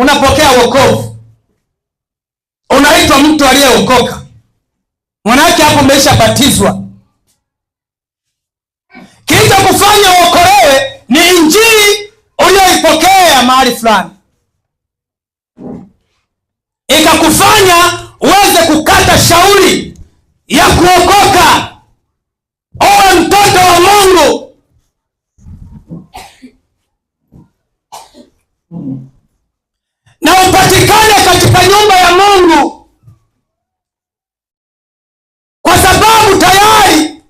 unapokea wokovu, unaitwa mtu aliyeokoka. Mwanawake hapo umeshabatizwa. Kilicho kufanya uokolewe ni injili uliyoipokea mahali fulani, ikakufanya uweze kukata shauri ya kuokoka, owe mtoto wa Mungu. na upatikane katika nyumba ya Mungu, kwa sababu tayari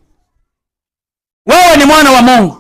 wewe ni mwana wa Mungu.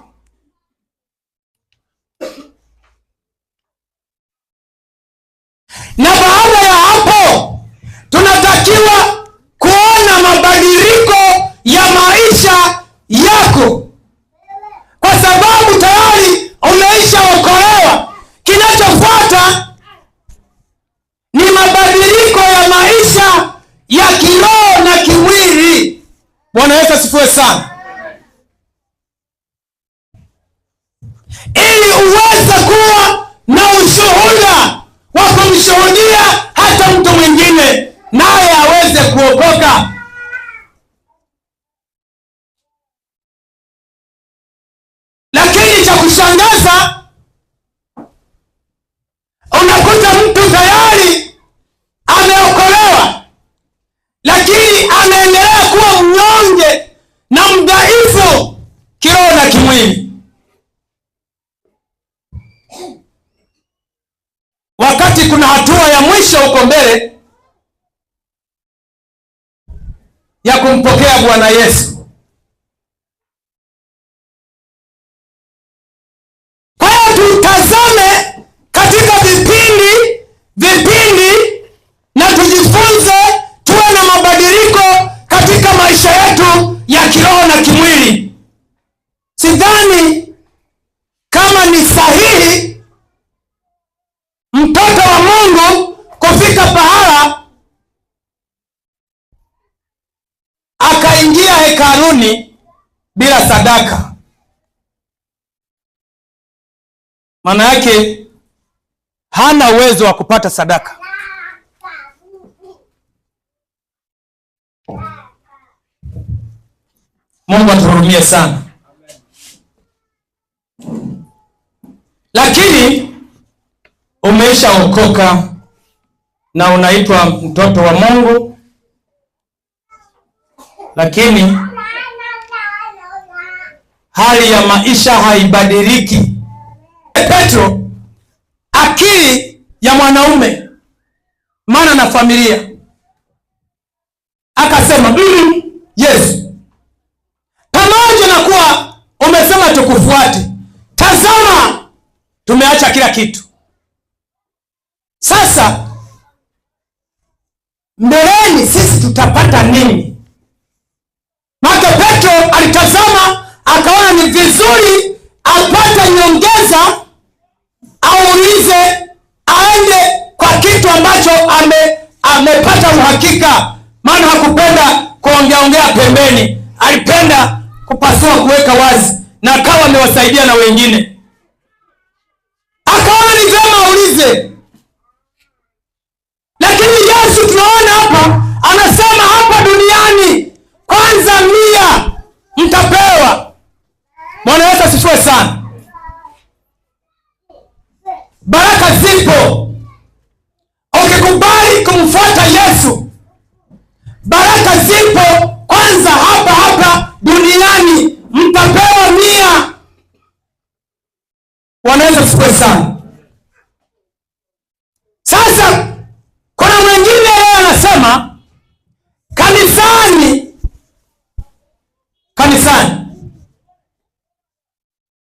lakini anaendelea kuwa mnyonge na mdhaifu kiroho na kimwili. Wakati kuna hatua ya mwisho huko mbele ya kumpokea Bwana Yesu. bila sadaka. Maana yake hana uwezo wa kupata sadaka. Mungu atuhurumie sana. Lakini umeshaokoka na unaitwa mtoto wa Mungu, lakini hali ya maisha haibadiliki. Eh, Petro, akili ya mwanaume maana na familia, akasema mimi Yesu, pamoja na kuwa umesema tukufuate, tazama tumeacha kila kitu sasa mbeleni sisi tutapata nini? make Petro alitazama akaona ni vizuri apate nyongeza, aulize, aende kwa kitu ambacho ame, amepata uhakika, maana hakupenda kuongeaongea pembeni, alipenda kupasua, kuweka wazi, na akawa amewasaidia na wengine. Akaona ni vyema aulize, lakini Yesu tunaona hapa anasema hapa duniani kwanza mia mtapewa Bwana Yesu asifiwe sana. Baraka zipo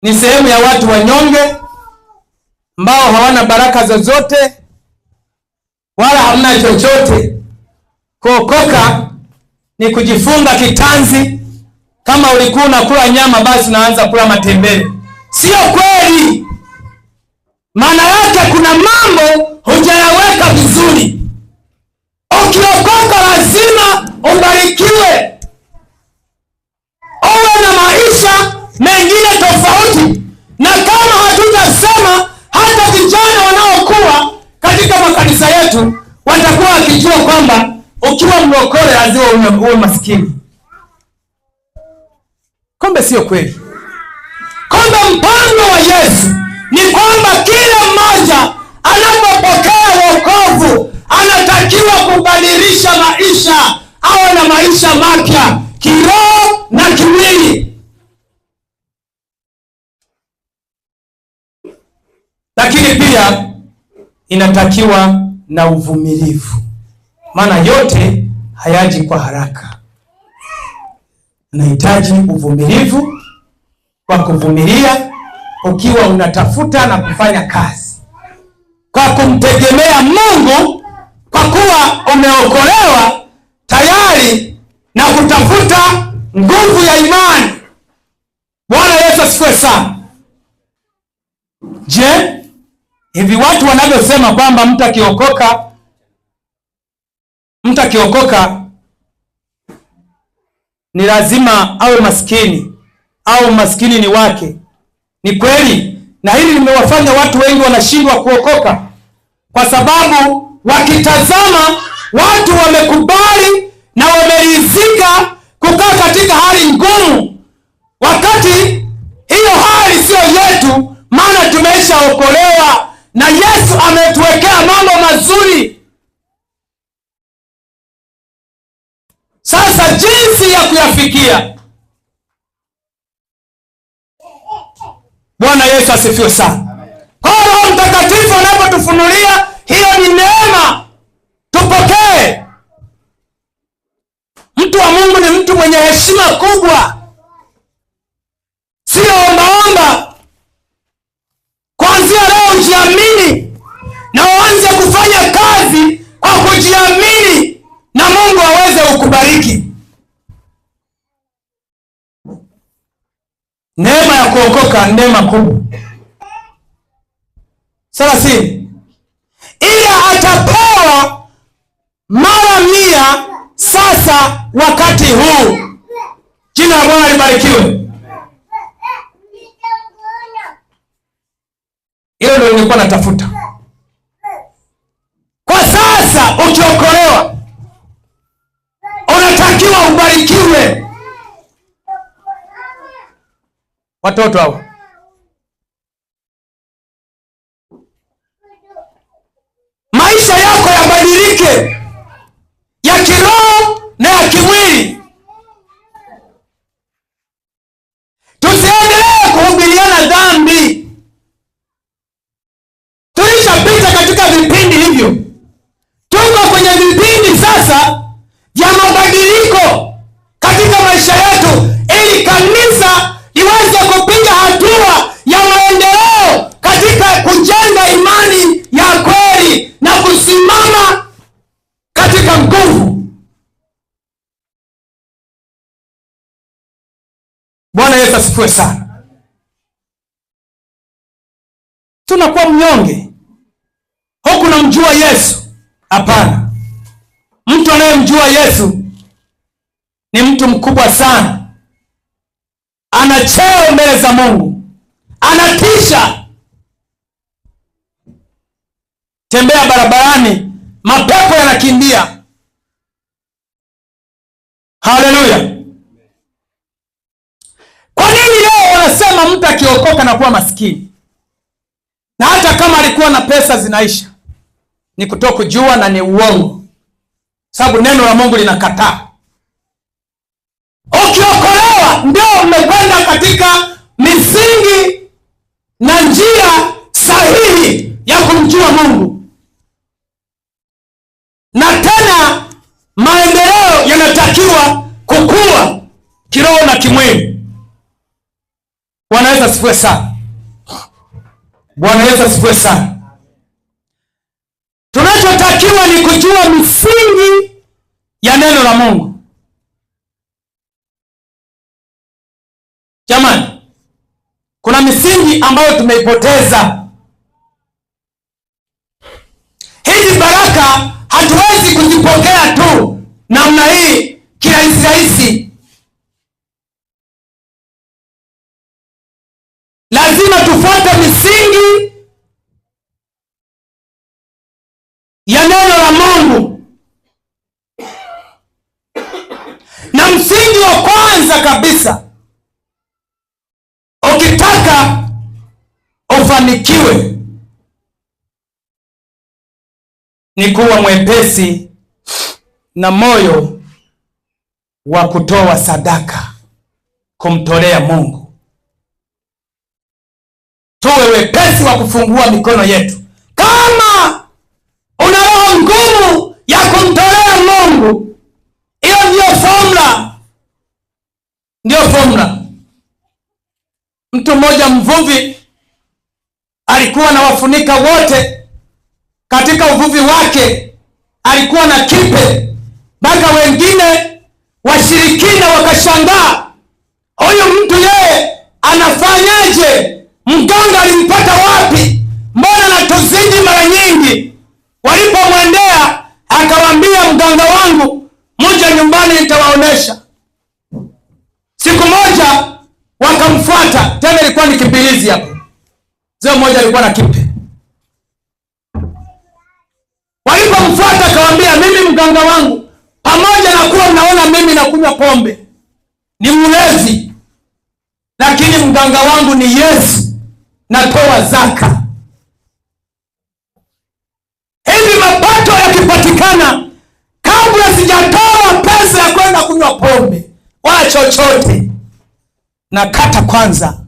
ni sehemu ya watu wanyonge ambao hawana baraka zozote wala hamna chochote. Kuokoka ni kujifunga kitanzi. Kama ulikuwa unakula nyama, basi unaanza kula matembele. Sio kweli. Maana yake kuna mambo hujayaweka vizuri. Ukiokoka lazima ubarikiwe, uwe na maisha mengine tofauti, na kama hatutasema, hata vijana wanaokuwa katika makanisa yetu watakuwa wakijua kwamba ukiwa mlokole lazima uwe maskini. kombe sio kweli, kombe mpango wa Yesu ni kwamba kila mmoja anapopokea wokovu anatakiwa kubadilisha maisha, awe na maisha mapya. lakini pia inatakiwa na uvumilivu, maana yote hayaji kwa haraka. Unahitaji uvumilivu kwa kuvumilia, ukiwa unatafuta na kufanya kazi kwa kumtegemea Mungu, kwa kuwa umeokolewa tayari na kutafuta nguvu ya imani. Bwana Yesu asifiwe sana. Je, Hivi watu wanavyosema kwamba mtu akiokoka mtu akiokoka ni lazima awe maskini au maskini ni wake, ni kweli? Na hili limewafanya watu wengi wanashindwa kuokoka kwa sababu wakitazama watu wamekubali na wamerizika kukaa katika hali ngumu, wakati hiyo hali siyo yetu, maana tumeshaokolewa na Yesu ametuwekea mambo mazuri. Sasa jinsi ya kuyafikia. Bwana Yesu asifiwe sana. Kwa Roho Mtakatifu anapotufunulia hiyo ni Neema ya kuokoka neema kubwa, thelathini, ila atapewa mara mia. Sasa wakati huu, jina la Bwana libarikiwe. Hilo ndio nilikuwa natafuta. Kwa sasa ukiokolewa, unatakiwa ubarikiwe. watoto hawa Maisha yako yabadilike. Yesu asifiwe sana. Tunakuwa mnyonge huku, namjua Yesu? Hapana, mtu anayemjua Yesu ni mtu mkubwa sana, ana cheo mbele za Mungu, anatisha. Tembea barabarani, mapepo yanakimbia. Haleluya! kama mtu akiokoka na kuwa maskini, na hata kama alikuwa na pesa zinaisha, ni kujua na ni uongo, sababu neno la Mungu linakataa. Ukiokolewa ndio umekwenda katika misingi na njia sahihi ya kumjua Mungu, na tena maendeleo yanatakiwa kukua kiroho na kimwili asifiwe sana. Bwana Yesu asifiwe sana. Tunachotakiwa ni kujua misingi ya neno la Mungu. Jamani, kuna misingi ambayo tumeipoteza. Hizi baraka hatuwezi kuzipokea tu namna hii kirahisi rahisi. kufuata misingi ya neno la Mungu, na msingi wa kwanza kabisa, ukitaka ufanikiwe ni kuwa mwepesi na moyo wa kutoa sadaka kumtolea Mungu tuwe wepesi wa kufungua mikono yetu. Kama una roho ngumu ya kumtolea Mungu, hiyo ndiyo fomla ndiyo fomla Mtu mmoja mvuvi alikuwa na wafunika wote katika uvuvi wake, alikuwa na kipe mpaka wengine washirikina wakashangaa hizi hapo. Mzee mmoja alikuwa na kipe, walipomfuata akawambia, mimi mganga wangu, pamoja na kuwa mnaona mimi nakunywa pombe, ni mlezi, lakini mganga wangu ni Yesu, natoa zaka. Hivi mapato yakipatikana, kabla sijatoa pesa ya kwenda kunywa pombe wala chochote, nakata kwanza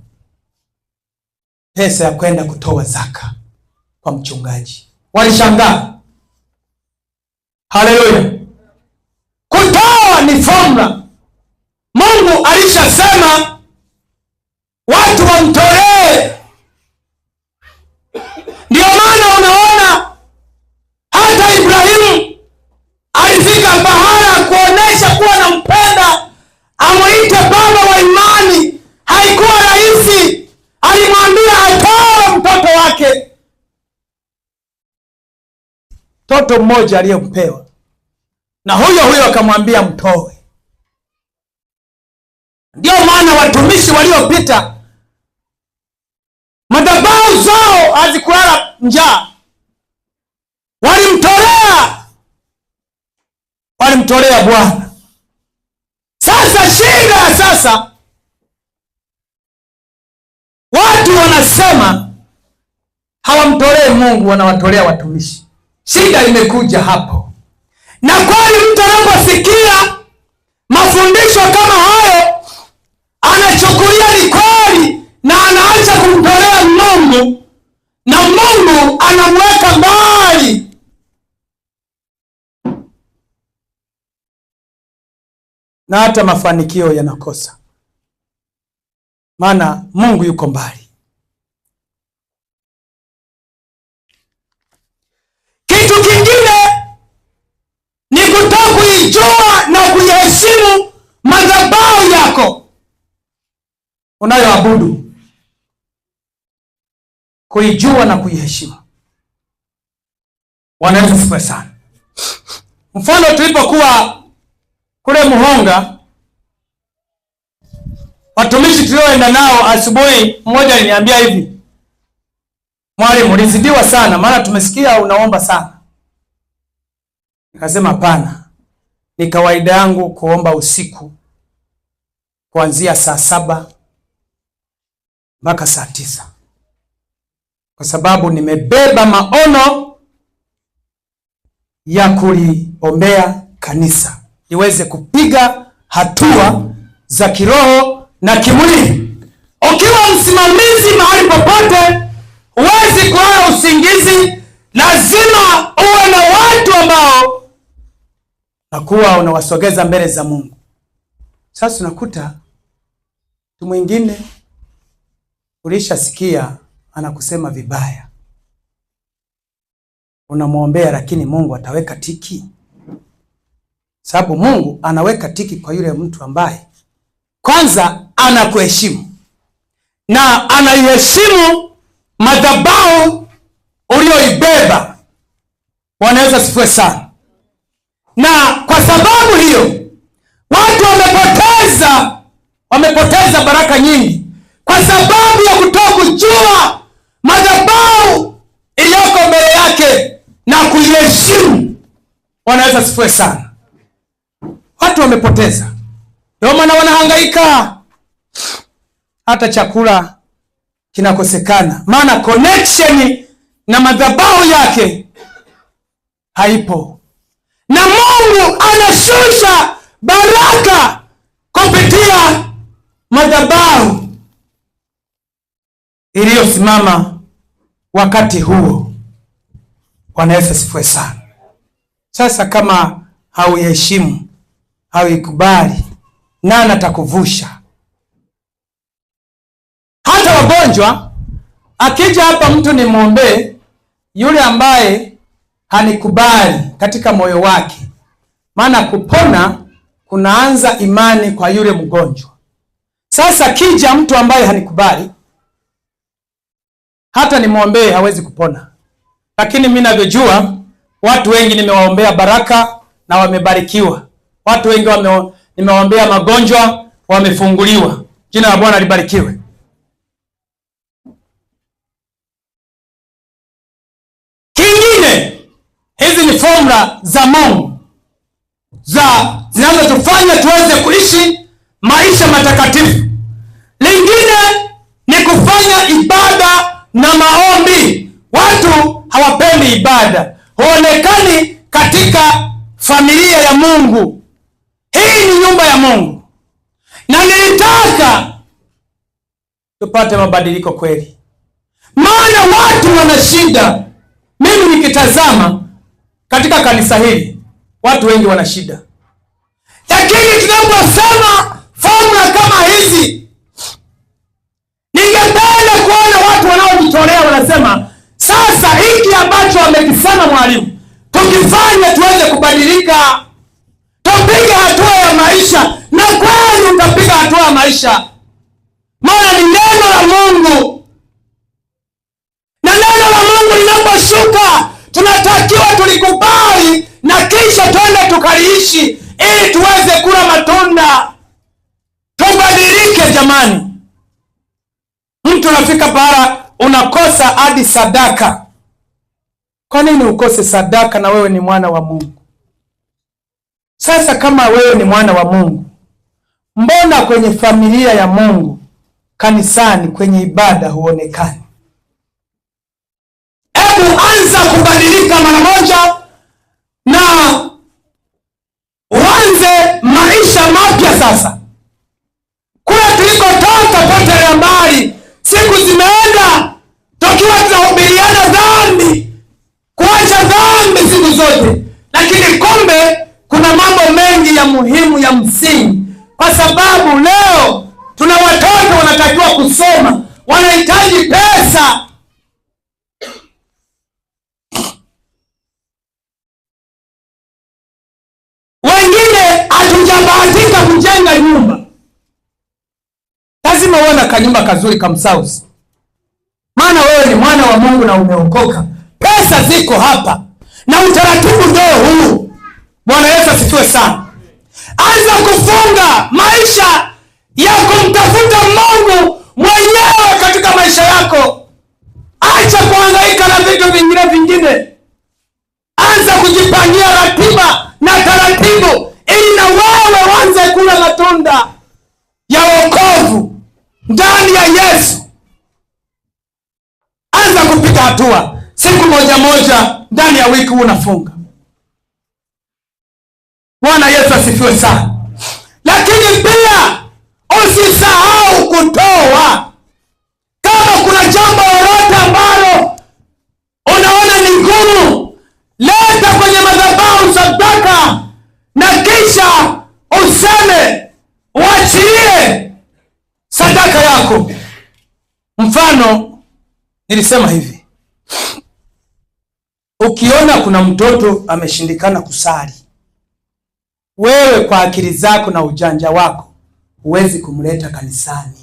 pesa ya kwenda kutoa zaka kwa mchungaji. Walishangaa. Haleluya! Kutoa ni fomula. Mungu alishasema mtoto mmoja aliyempewa, na huyo huyo akamwambia mtoe. Ndiyo maana watumishi waliopita madhabahu zao hazikulala njaa, walimtolea, walimtolea Bwana. Sasa shida ya sasa, watu wanasema hawamtolee Mungu, wanawatolea watumishi. Shida imekuja hapo. Na kweli mtu anaposikia mafundisho kama hayo anachukulia ni kweli na anaacha kumtolea Mungu na Mungu anamweka mbali. Na hata mafanikio yanakosa. Maana Mungu yuko mbali. Kitu kingine ni kuijua na kuiheshimu madhabao yako unayoabudu, kuijua na kuiheshimu. Bwana sana. Mfano, tulipokuwa kule Muhonga, watumishi tulioenda nao asubuhi, mmoja aliniambia hivi Mwalimu, ulizidiwa sana, maana tumesikia unaomba sana. Nikasema hapana, ni kawaida yangu kuomba usiku kuanzia saa saba mpaka saa tisa kwa sababu nimebeba maono ya kuliombea kanisa iweze kupiga hatua za kiroho na kimwili. Ukiwa msimamizi mahali popote huwezi kulala usingizi, lazima uwe na watu ambao nakuwa unawasogeza mbele za Mungu. Sasa unakuta mtu mwingine ulishasikia anakusema vibaya, unamwombea, lakini Mungu ataweka tiki? Sababu Mungu anaweka tiki kwa yule mtu ambaye kwanza anakuheshimu na anaiheshimu madhabahu uliyoibeba. wanaweza sifue sana. Na kwa sababu hiyo watu wamepoteza wamepoteza baraka nyingi kwa sababu ya kutoa kujua madhabahu iliyoko mbele yake na kuiheshimu. wanaweza sifue sana. Watu wamepoteza, ndio maana wanahangaika hata chakula kinakosekana, maana connection na madhabahu yake haipo, na Mungu anashusha baraka kupitia madhabahu iliyosimama wakati huo. Bwana Yesu asifiwe sana. Sasa kama hauiheshimu hauikubali, nani atakuvusha? Hata wagonjwa akija hapa mtu ni mwombee, yule ambaye hanikubali katika moyo wake, maana kupona kunaanza imani kwa yule mgonjwa. Sasa kija mtu ambaye hanikubali, hata nimwombee hawezi kupona. Lakini mimi ninavyojua, watu wengi nimewaombea baraka na wamebarikiwa. Watu wengi wame, nimewaombea magonjwa wamefunguliwa. Jina la Bwana libarikiwe. fomula za Mungu za zinazotufanya tuweze kuishi maisha matakatifu. Lingine ni kufanya ibada na maombi. Watu hawapendi ibada, huonekani katika familia ya Mungu. Hii ni nyumba ya Mungu, na nilitaka tupate mabadiliko kweli, maana watu wana shida. Mimi nikitazama katika kanisa hili watu wengi wana shida, lakini tunaposema fomula kama hizi, ningependa kuona watu wanaojitolea wanasema, sasa hiki ambacho amekisema mwalimu tukifanya tuweze kubadilika, tupige hatua ya maisha. Na kweli utapiga hatua ya maisha, maana ni neno la Mungu, na neno la Mungu linaposhuka tunatakiwa tulikubali na kisha twende tukaliishi ili tuweze kula matunda, tubadilike jamani. Mtu unafika pahala unakosa hadi sadaka. Kwa nini ukose sadaka na wewe ni mwana wa Mungu? Sasa kama wewe ni mwana wa Mungu, mbona kwenye familia ya Mungu, kanisani, kwenye ibada huonekani? kuanza kubadilika mara moja na uanze maisha mapya sasa. unaona kanyumba kazuri kamsauzi, maana wewe ni mwana wa Mungu na umeokoka, pesa ziko hapa na utaratibu ndio huu. Bwana Yesu asifiwe sana. Anza kufunga maisha ya kumtafuta Mungu mwenyewe katika maisha yako. Acha kuhangaika na vitu vingine vingine, anza kujipangia ratiba na taratibu, ili na wewe wanze kula matunda ya wokovu ndani ya Yesu. Anza kupiga hatua, siku moja moja ndani ya wiki unafunga. Bwana Yesu asifiwe sana. Lakini pia usisahau kutoa. Kama kuna jambo lolote ambalo unaona ni ngumu, leta kwenye madhabahu sadaka na kisha useme yako. Mfano, nilisema hivi, ukiona kuna mtoto ameshindikana kusali, wewe kwa akili zako na ujanja wako huwezi kumleta kanisani.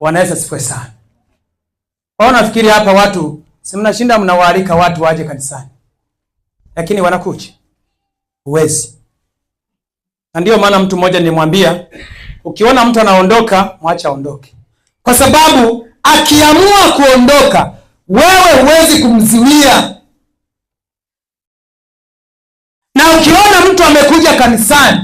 Wanaweza sifue sana kwao. Nafikiri hapa watu si mnashinda mnawaalika watu waje kanisani, lakini wanakuja, huwezi. Na ndiyo maana mtu mmoja nilimwambia Ukiona mtu anaondoka, mwacha aondoke, kwa sababu akiamua kuondoka, wewe huwezi kumzuia. Na ukiona mtu amekuja kanisani,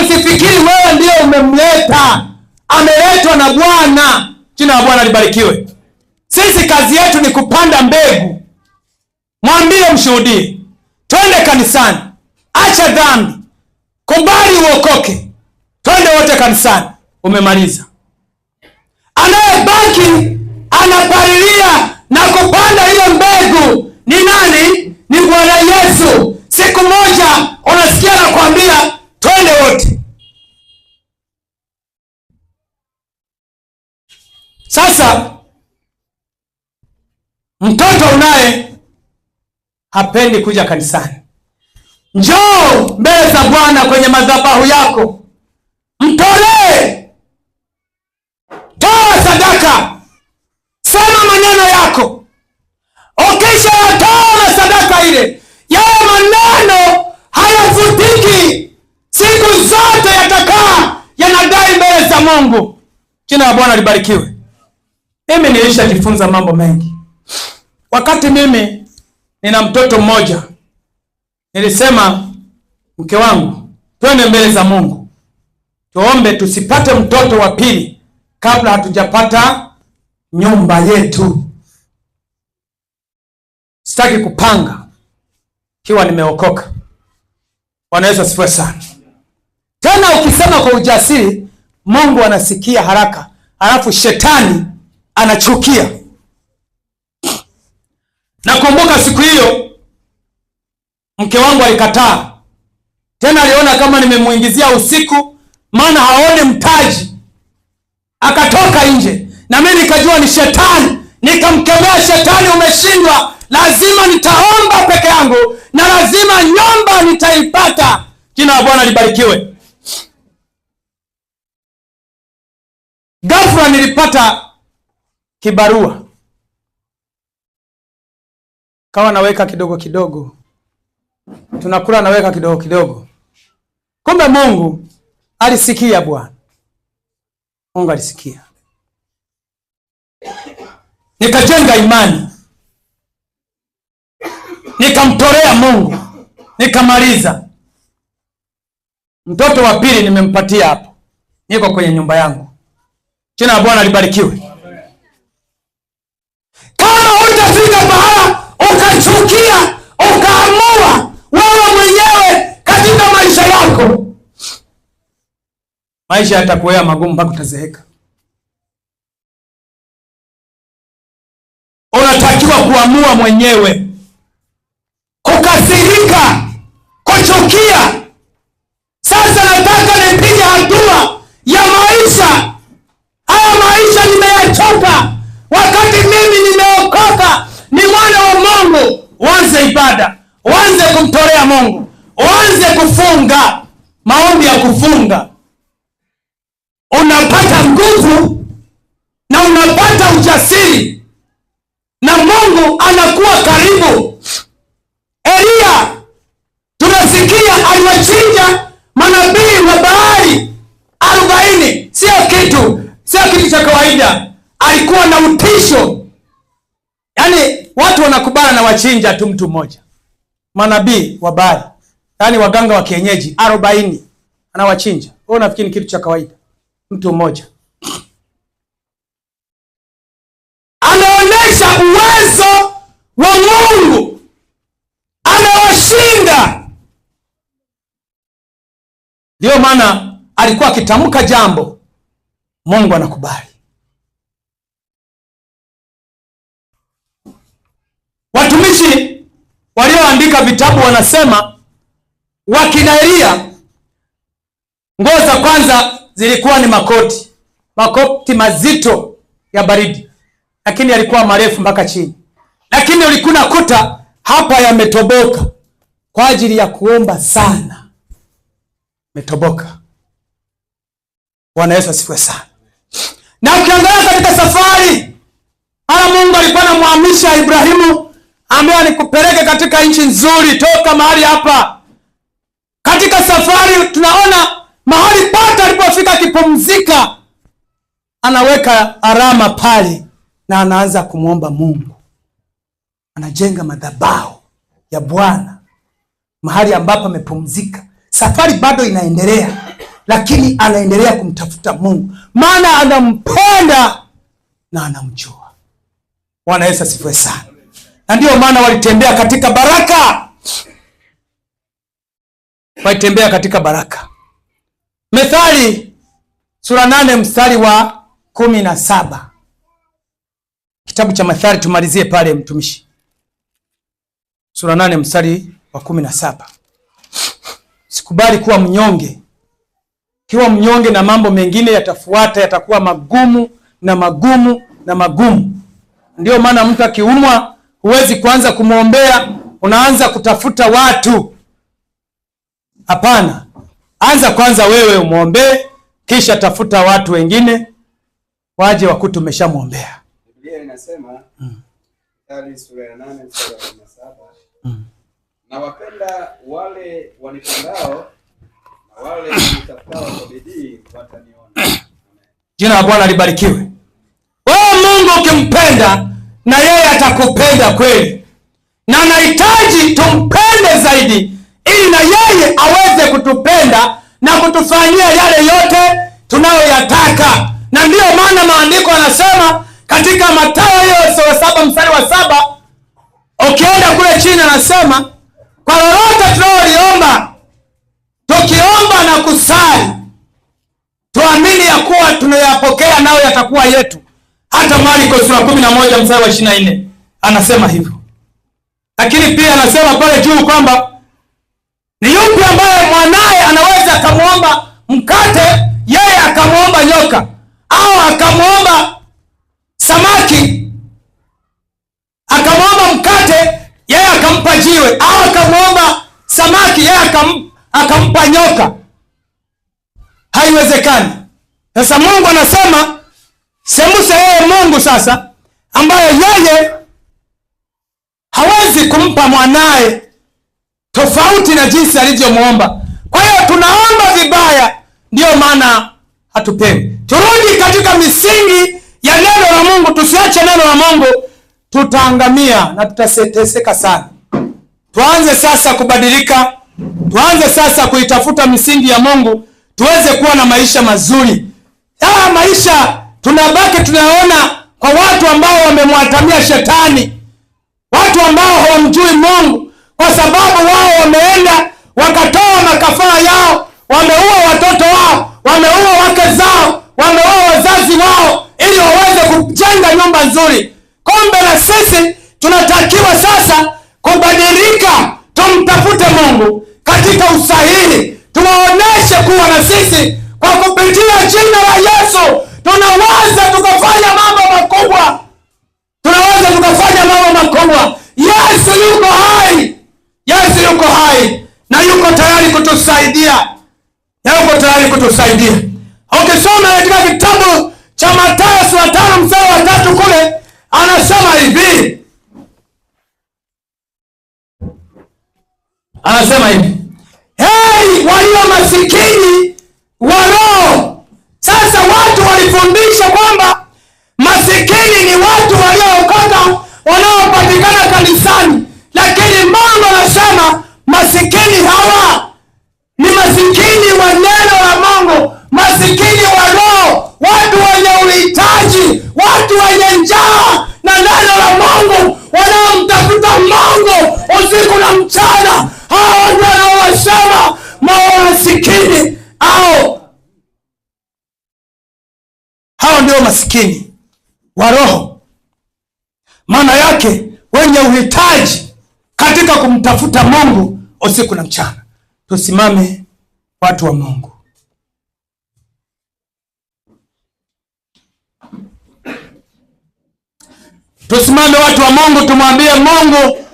usifikiri wewe ndiyo umemleta, ameletwa na Bwana. Jina la Bwana libarikiwe. Sisi kazi yetu ni kupanda mbegu. Mwambie, mshuhudie, twende kanisani, acha dhambi, kubali uokoke twende wote kanisani, umemaliza. Anayebaki anapalilia na kupanda hiyo mbegu ni nani? Ni Bwana Yesu. Siku moja unasikia nakwambia twende wote. Sasa mtoto unaye hapendi kuja kanisani, njoo mbele za Bwana kwenye madhabahu yako mtolee. Toa sadaka, sema maneno yako. Ukishayatoa na sadaka ile, yale maneno hayafutiki, siku zote yatakaa yanadai mbele za Mungu. Jina la Bwana libarikiwe. Mimi nilishajifunza mambo mengi. Wakati mimi nina mtoto mmoja, nilisema mke wangu, twende mbele za Mungu. Tuombe tusipate mtoto wa pili kabla hatujapata nyumba yetu. Sitaki kupanga kiwa nimeokoka. Bwana Yesu asifiwe sana. Tena ukisema kwa ujasiri, Mungu anasikia haraka, alafu shetani anachukia. Nakumbuka siku hiyo mke wangu alikataa, tena aliona kama nimemuingizia usiku maana haone mtaji, akatoka nje, na mimi nikajua ni shetani, nikamkemea shetani, umeshindwa, lazima nitaomba peke yangu na lazima nyumba nitaipata. Jina la Bwana libarikiwe. Ghafla nilipata kibarua, kawa naweka kidogo kidogo, tunakula naweka kidogo kidogo. Kumbe Mungu alisikia Bwana Mungu alisikia, nikajenga imani, nikamtolea Mungu, nikamaliza. Mtoto wa pili nimempatia hapo, niko kwenye nyumba yangu. Jina la Bwana libarikiwe. Kama hujafika mahala ukachukia maisha yatakuwa magumu mpaka utazeeka. Unatakiwa kuamua mwenyewe kukasirika, kuchukia. Sasa nataka nipige hatua ya maisha haya, maisha nimeyachoka, wakati mimi nimeokoka, ni mwana wa Mungu. Wanze ibada, wanze kumtolea Mungu, wanze kufunga, maombi ya kufunga unapata nguvu na unapata ujasiri na Mungu anakuwa karibu. Eliya tunasikia aliwachinja manabii wa bahari arobaini. Sio kitu, sio kitu cha kawaida, alikuwa na utisho. Yaani watu wanakubana na wachinja tu mtu mmoja, manabii wa bahari yaani waganga wa kienyeji arobaini anawachinja. Wewe unafikiri kitu cha kawaida? mtu mmoja anaonyesha uwezo wa Mungu, anawashinda. Ndiyo maana alikuwa akitamka jambo, Mungu anakubali. Watumishi walioandika vitabu wanasema wakina Elia, nguo za kwanza zilikuwa ni makoti, makoti mazito ya baridi, lakini yalikuwa marefu mpaka chini, lakini ulikuwa nakuta hapa yametoboka kwa ajili ya kuomba sana, metoboka. Bwana Yesu asifiwe sana. Na ukiangalia katika safari haya, Mungu alikuwa anamhamisha Ibrahimu, ambaye alikupeleke katika nchi nzuri, toka mahali hapa. Katika safari tunaona mahali pa anapumzika anaweka alama pale na anaanza kumwomba Mungu, anajenga madhabahu ya Bwana mahali ambapo amepumzika. Safari bado inaendelea, lakini anaendelea kumtafuta Mungu, maana anampenda na anamjua. Bwana Yesu asifiwe sana. Na ndiyo maana walitembea katika baraka, walitembea katika baraka. Methali sura nane mstari wa kumi na saba kitabu cha Mathali, tumalizie pale mtumishi, sura nane mstari wa kumi na saba Sikubali kuwa mnyonge. Kiwa mnyonge na mambo mengine yatafuata, yatakuwa magumu na magumu na magumu. Ndiyo maana mtu akiumwa, huwezi kuanza kumwombea, unaanza kutafuta watu. Hapana, anza kwanza wewe umwombee, kisha tafuta watu wengine waje wakuti umeshamwombea. Biblia inasema mm. Mithali sura ya nane kumi na saba mm. wale wanipendao na wale wanitafutao kwa bidii wataniona. Jina la Bwana libarikiwe. Wewe Mungu ukimpenda na yeye atakupenda kweli, na anahitaji tumpende zaidi, ili na yeye aweze kutupenda na kutufanyia yale yote tunayoyataka. Na ndiyo maana maandiko anasema katika matao hiyo sura saba mstari wa saba ukienda kule chini anasema kwa lolote tunayoliomba tukiomba na kusali tuamini ya kuwa tunayapokea nayo yatakuwa yetu. Hata Marko sura kumi na moja mstari wa ishirini na nne anasema hivyo, lakini pia anasema pale juu kwamba ni yupi ambaye mwanaye anaweza akamwomba mkate, yeye akamwomba nyoka au akamwomba samaki, akamwomba mkate, yeye akampa jiwe au akamwomba samaki, yeye akam, akampa nyoka? Haiwezekani. Sasa Mungu anasema sembuse yeye Mungu sasa ambaye yeye hawezi kumpa mwanaye tofauti na jinsi alivyomwomba. Kwa hiyo tunaomba vibaya, ndiyo maana hatupewi. Turudi katika misingi ya neno la Mungu, tusiache neno la Mungu, tutaangamia na tutateseka sana. Tuanze sasa kubadilika, tuanze sasa kuitafuta misingi ya Mungu tuweze kuwa na maisha mazuri. Haya maisha tunabaki tunaona kwa watu ambao wamemwatamia Shetani, watu ambao hawamjui Mungu kwa sababu wao wameenda wakatoa makafara yao, wameua watoto wao, wameua wake zao, wameua wazazi wao ili waweze kujenga nyumba nzuri. Kumbe na sisi tunatakiwa sasa kubadilika, tumtafute Mungu katika usahihi, tuwaoneshe kuwa na sisi kwa kupitia jina la Yesu tunaweza tukafanya mambo makubwa, tunaweza tukafanya mambo makubwa. Yesu yuko hai. Yesu yuko hai na yuko tayari kutusaidia, yuko tayari kutusaidia. Ukisoma okay, katika kitabu cha Mathayo sura tano mstari wa tatu kule anasema hivi, anasema hivi, hey, walio masikini Mungu usiku na mchana. Tusimame watu wa Mungu. Tusimame watu wa Mungu, tumwambie Mungu